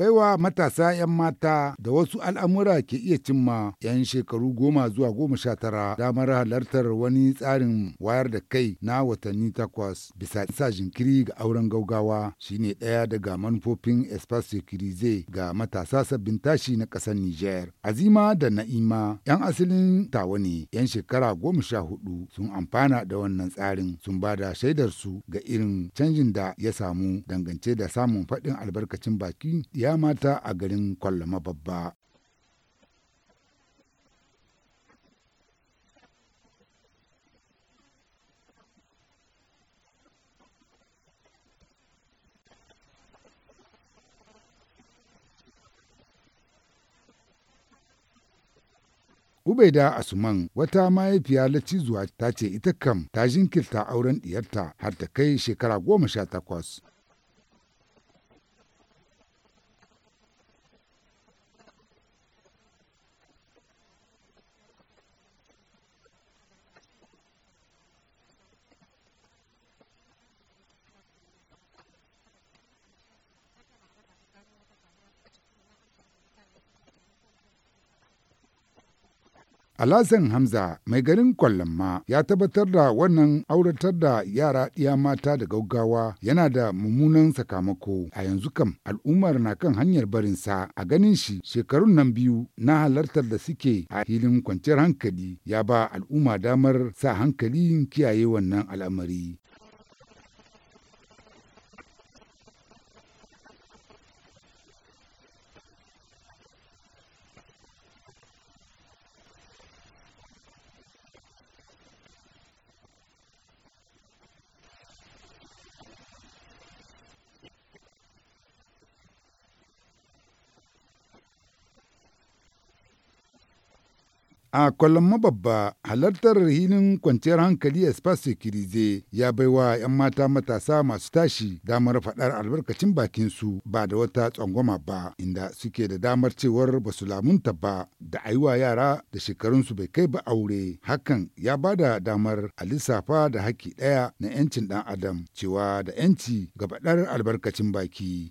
baiwa matasa 'yan mata da wasu al'amura ke iya cimma 'yan shekaru goma zuwa goma sha tara damar halartar wani tsarin wayar da kai na watanni takwas bisa isa jinkiri ga auren gaugawa shine ɗaya daga manufofin espace securize ga matasa sabbin tashi na ƙasar niger azima da na'ima 'yan asalin tawa ne 'yan shekara goma sha hudu sun amfana da wannan tsarin sun ba da shaidarsu ga irin canjin da ya samu dangance da samun faɗin albarkacin baki ya 'ya mata a garin kwallama babba. Ubaida Asuman wata mahaifiya lacizuwa ta ce ita kam ta jinkirta auren diyarta har ta kai shekara goma sha takwas. Alhassan Hamza mai garin Kwallamma ya tabbatar da wannan auratar da yara ɗiya mata da gaggawa yana da mummunan sakamako a yanzu kam al'ummar na kan hanyar barin sa a ganin shi shekarun nan biyu na halartar da suke a filin kwanciyar hankali ya ba al'umma damar sa hankali kiyaye wannan al'amari. A kwallon mababba halartar hilin kwanciyar hankali Espace Securize ya baiwa 'yan mata matasa masu tashi damar faɗar albarkacin bakinsu ba da wata tsangwama ba inda suke da damar cewar ba su lamunta ba da aiwa yara da shekarunsu bai kai ba aure. Hakan ya ba da damar a lissafa da haƙƙi ɗaya na 'yancin ɗan adam cewa da 'yanci ga faɗar albarkacin baki.